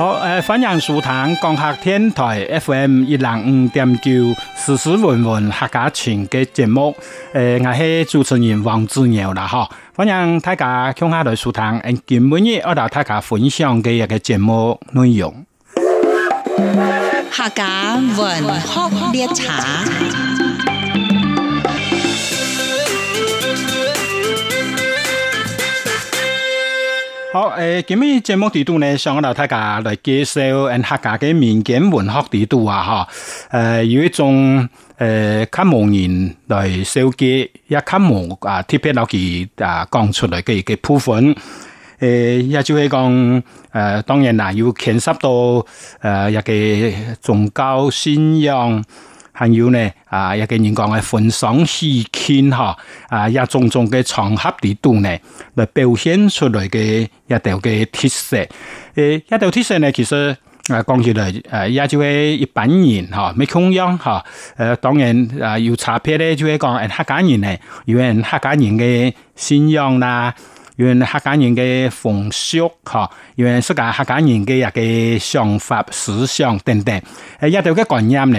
好誒，歡迎收聽講客電台 FM 一零五點九，時時問問客家情嘅節目。誒，我係主持人王志牛啦，吓，歡迎大家聽下台書談。今日我同大家分享嘅一個節目內容，客家文喝咩茶？好誒，今日節目地圖呢？想同大家來介紹，誒客家嘅民間文學地圖啊，哈，誒，有一種誒，看、呃、望人來收集、啊啊，一卡木啊，特別老奇啊，講出嚟嘅嘅部分，誒、呃，也就係講誒，當然啦，要牽涉到誒，尤其宗教信仰。還有呢？啊，也個人講嘅粉霜詩篇哈，啊，一、啊啊、種種嘅場合裏度呢，來表現出來嘅一道嘅特色。誒、呃，一道特色呢，其實啊，講起來誒，也、啊啊、就係一般人哈，冇共樣哈。誒、啊，當然啊，有差別咧，就會講、哎、客家人咧，因為客家人嘅信仰啦、啊，因為客家人嘅風俗哈、啊，因為係講客家人嘅一個想法、思想等等，誒，一道嘅觀念呢。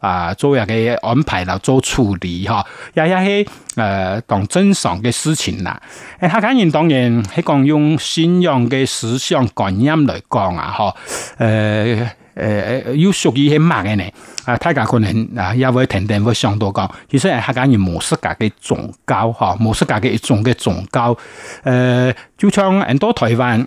啊，做下個安排啦，做處理哈，也也係，呃，當真正常的事情啦。誒，客家人當然喺講用信仰嘅思想觀念來講啊，嗬，誒誒誒，要屬於係乜嘅呢？啊、呃，大家可能啊，也會聽聽會想到講，其實係客家人模式下的宗教，嗬，模式下的一種的宗教，呃，就像很多台灣。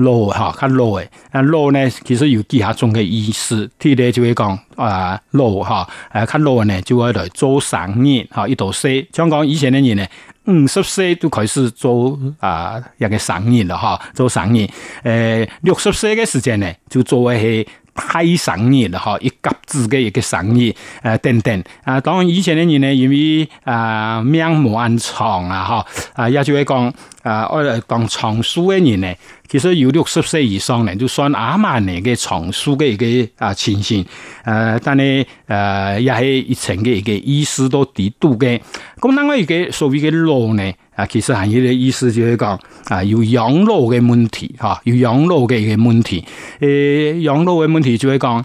老吓，佢老誒，啊老呢，其實有幾下種嘅意思，啲人就會講，啊老吓，誒，佢老呢，就會嚟做生意，吓，一度四，香港以前嘅人呢，五十歲就開始做啊、呃、一個生意啦，吓，做生意，誒、呃，六十歲嘅時間呢，就做為係太生意啦，吓，一甲子嘅一個生意，誒、呃，等等，啊，當然以前嘅人呢，因為啊、呃、命冇咁長啊，吓，啊，也就會講，啊、呃，我嚟講長壽嘅人呢。其實有六十歲以上呢，就算阿媽尼嘅長壽嘅一個啊情形，誒、呃，但係誒，也係疫情嘅一個意思都幾多嘅。咁另外一個所謂嘅老呢，啊，其實係一個意思就，就係講啊，有養老嘅問題，吓、啊，有養老嘅嘅問題，誒、呃，養老嘅問題就係講。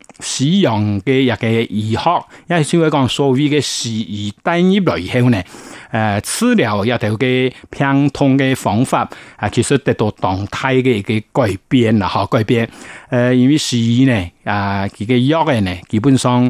使用嘅一個醫學，因為先講所謂嘅西醫第一類係咩咧？誒、呃，治療一條嘅疼痛嘅方法啊，其實得到動態嘅一個改變啦，吓、啊、改變。誒、呃，因為西醫呢，啊，佢嘅藥嘅呢，基本上。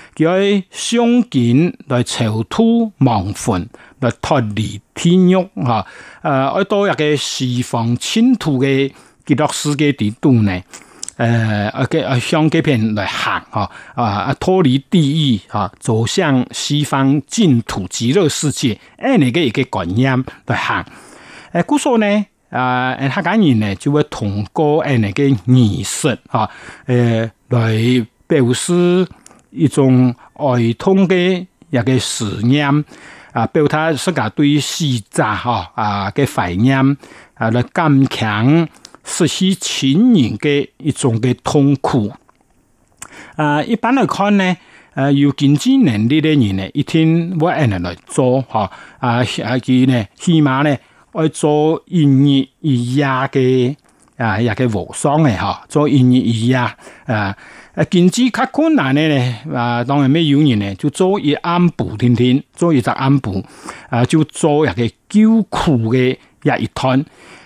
喺相見來朝脫亡魂來脫離天獄哈，誒、呃、喺到日個西方淨土嘅極樂世界地段呢，誒、呃、一個向嗰邊嚟行哈，啊脫離地獄啊，走向西方淨土極樂世界，誒、這、嚟個一個觀念來行，誒古說呢，啊黑解緊呢就會通過誒嚟個儀式啊，誒、呃、來表示。一種哀痛的，一個思念啊，表達他自家對西藏哈啊嘅懷念啊，來堅強，失去親人的一種的痛苦。啊，一般來看呢，啊，有經濟能力嘅人呢，一天我可能來，來做哈，啊啊佢呢起碼呢，要做二二廿嘅啊，也嘅服裝嘅哈，做二二廿啊。啊。誒，經濟、啊、較困難咧，咧啊，當然咩有人咧，做一安暗晡天天做一隻暗晡，啊，就做一個艱苦的一日團。誒、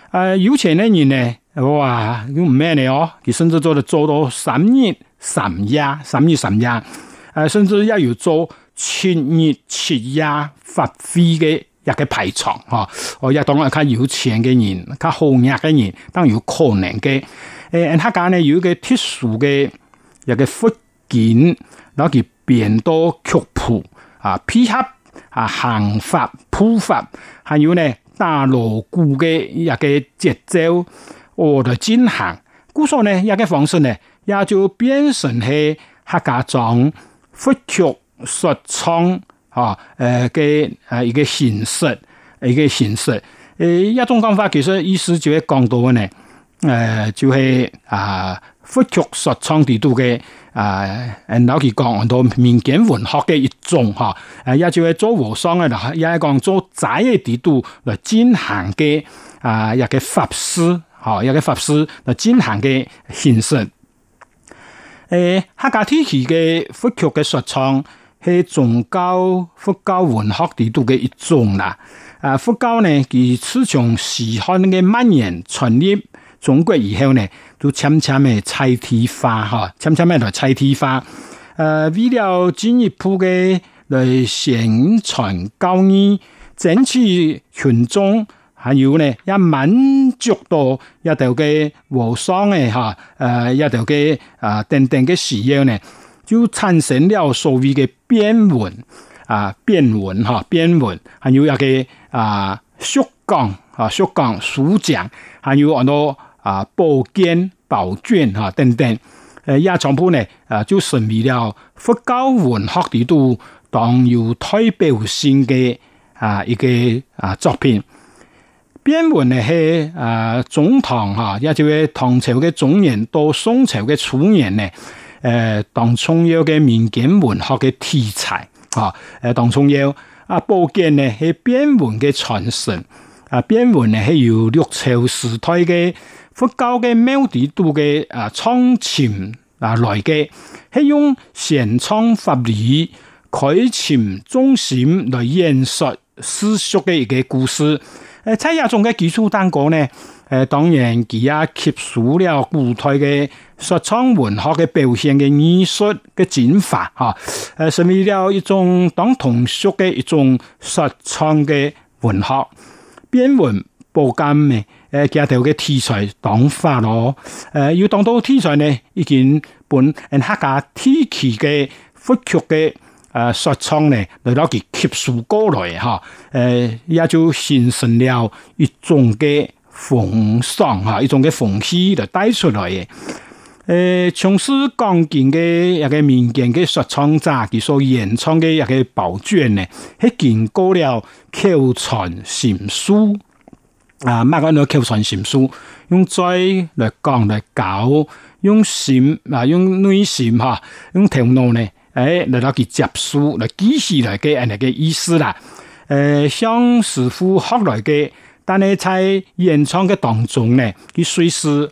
啊，有錢嘅人咧，哇，咁唔咩嘅哦，佢甚至做到做到三日三夜、三日三夜，誒、啊，甚至要有做七日七夜、七日七夜發揮嘅一個排場哦。我、啊、亦、啊、當然睇有錢嘅人、卡好嘢嘅人，當然有可能嘅。誒、啊，佢講咧有一個特殊嘅。一個福建那佢變多曲譜啊，琵琶啊，行法、鋪法，還有呢打鑼鼓嘅一個節奏，我哋進行。故所呢一個方式呢，也就變成係客家莊復曲說唱啊，誒，嘅啊、呃、一個啊一個形式，一個形式。誒、呃，一種講法其實意思就會講到呢，誒、呃，就係啊。佛教實創地度嘅，誒、呃，老實講係都民間文學嘅一種哈，啊，也就係做和尚嘅啦，也係講做齋嘅地度，嚟進行嘅，啊，一個法師，吓、啊，一個法師嚟進、啊、行嘅形式。誒、呃，客家地區嘅佛教嘅實創係宗教佛教文學的地度嘅一種啦，啊，佛教呢，佢自從時漢嘅蔓延傳入。中國以後呢，就漸漸的在地化，哈，漸漸的嚟在地化，呃，為了進一步的來宣傳教育，爭取群眾，還有呢要滿足到要到一啲嘅和商嘅，哈，呃，誒，一啲嘅啊，等等嘅需要呢，就產生了所謂的變文，啊，變文，哈，啊，變文，啊，還有一啲啊，俗講，啊，俗講，俗，啊，講，還有好多。啊，寶卷、寶卷啊，等等，誒、呃，也傳播呢，啊，就成為了佛教文學都當有代表性嘅啊一個啊作品。變文呢係啊，中唐啊，亦即係唐朝嘅中年，到宋朝嘅初年呢，誒、呃，當重要嘅民間文學嘅題材啊，誒，當重要啊，寶卷呢係變文嘅傳承，啊，變、啊啊啊、文呢係、啊啊、由六朝時代嘅。佛教嘅《妙諦度》嘅啊，創禪啊內嘅，係用禪創法理、開禪中心嚟演述史學嘅一個故事。誒、呃，蔡廿種嘅基礎單歌呢？誒、呃，當然佢也吸取了古代嘅說唱文學嘅表現嘅藝術嘅精華，吓、啊，誒、呃，成為了一種黨同學嘅一種說唱嘅文學，變文報艱嘅。誒架頭嘅題材當法咯，誒、呃、有當呢已經、呃、呢到題材咧，一件本黑家天奇嘅复曲嘅啊，説唱咧，嚟到佢吸收過來嚇，誒、呃，也就形成了一種嘅風尚嚇，一種嘅風氣嚟帶出來誒。誒、呃，從事鋼琴嘅一個民間嘅説唱者，其所演唱嘅一個寶卷咧，係經過了口傳心誦。啊，乜個呢？口傳心授，用嘴來講來教，用心啊，用內心吓、啊，用頭腦呢，誒嚟到去接收，來記事來嘅，係那個意思啦。誒、欸，向師傅學來嘅，但係在演唱的當中呢，去隨時。.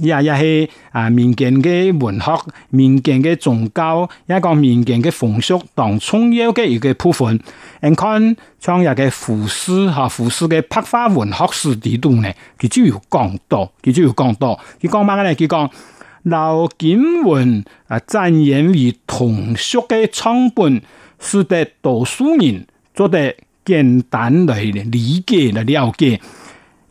也也是啊，民間嘅文學、民間嘅宗教、也個民間嘅風俗，當重要嘅一個部分。你看創業嘅賦詩哈賦詩嘅拍花文學詩地圖呢，佢就有講到，佢就有講到。佢講乜嘅呢？佢講劉景文啊，讚揚以通俗嘅唱本，使得讀書人做得簡單嚟理解嚟了解。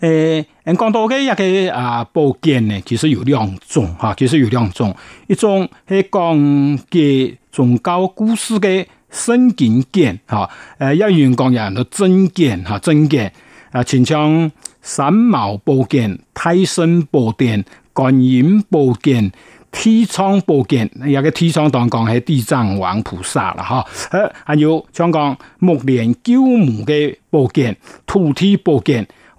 誒、欸，人講到嘅一個啊寶劍呢，其實有兩種哈，其實有兩種，一種係講嘅宗教故事嘅神劍劍，哈、哦，誒、呃，一元江人都真劍哈真劍，啊，似、啊、像三毛寶劍、太升寶劍、觀音寶劍、天窗寶劍，一個天窗當講係地藏王菩薩啦，哈，誒，還有像講木蓮救母的寶劍、土天寶劍。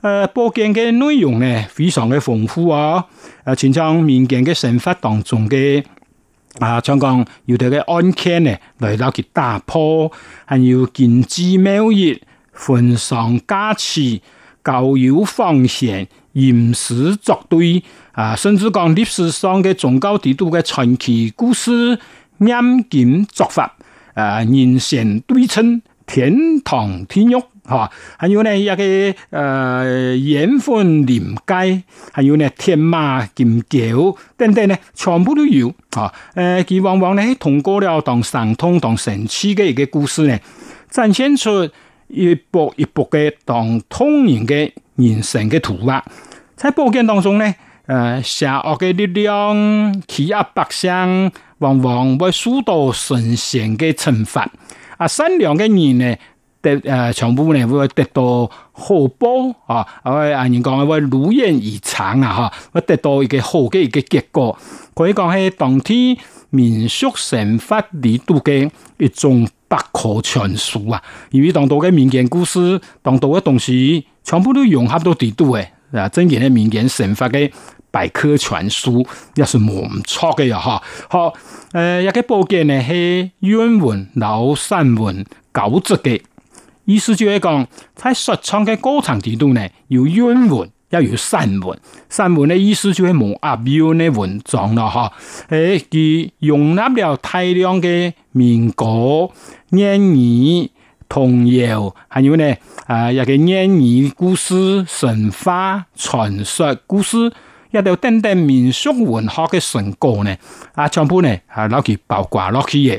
呃，波鏡嘅內容呢，非常嘅豐富啊！誒，親像民間嘅生活當中嘅，啊，像講、啊、有啲嘅案件呢，嚟到去打破，還有建築廟宇，焚上家祠，教妖放線、吟詩作對啊，甚至講歷史上嘅宗教帝都嘅傳奇故事、嚴檢作法，啊，人神對稱天堂天獄。哦、還有呢一個呃緣分臨街，還有呢天馬金橋等等呢，全部都有嚇。誒、哦，佢、呃、往往呢通過了當上通當神奇的一個故事呢，展現出一幅一幅嘅當通然嘅人生的圖畫。在報間當中呢，誒邪惡嘅力量欺壓百姓，往往會受到神仙嘅懲罰。啊，善良的人呢？得誒、呃，全部咧會得到好報啊！阿位阿人講阿如願以償啊！嚇，我得到一個好嘅一個結果。可以講係當天民俗成法裏度嘅一種百科全書啊！因為當度嘅民間故事，當度嘅東西，全部都融合到度誒，啊！真個嘅民間成法嘅百科全書也是冇錯嘅呀！嚇、啊，好誒，一、呃、個報件咧係原文、然後散文、九族嘅。意思就係講，在說唱嘅高層地度呢，有韻文又有散文，散文呢，意思就係無押韻嘅文章咯，嚇、哎！誒佢容納了大量嘅民歌、諺語、童謠，還有呢，啊，一個諺語故事、神話傳說故事，一啲等等民俗文學嘅成果呢，啊，全部呢係攞、啊、去包括落去嘅。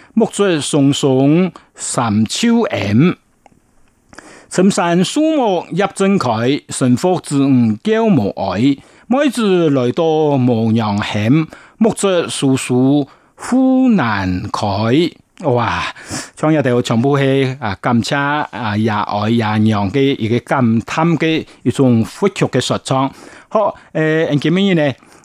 木竹松松三秋葉，深山樹木入正開，神佛之恩交無愛，妹子來到無娘前，木竹樹樹呼難開。哇，像一條全部係啊，感謝啊，爺愛爺娘嘅一個感嘆嘅一種複雜嘅說唱。好，誒、呃，還有咩嘢呢？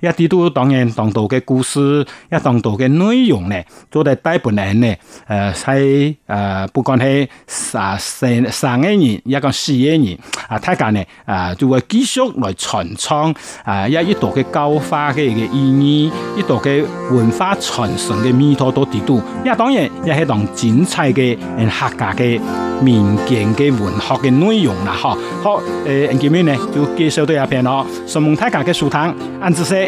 一啲都當然，唐道嘅故事一唐道嘅內容咧，做得大部分人咧，誒喺誒，不管係，啊上上一年一個四一年啊，大家咧，啊，做、啊、會繼續來傳唱啊，也一一道嘅教化嘅嘅意義，一道嘅文化傳承嘅咪多多啲多，當然亦係一種精彩嘅客家嘅民間嘅文學嘅內容啦嚇，好誒、呃，今日咧就介紹到呢一篇咯，順夢太監嘅書堂，按住先。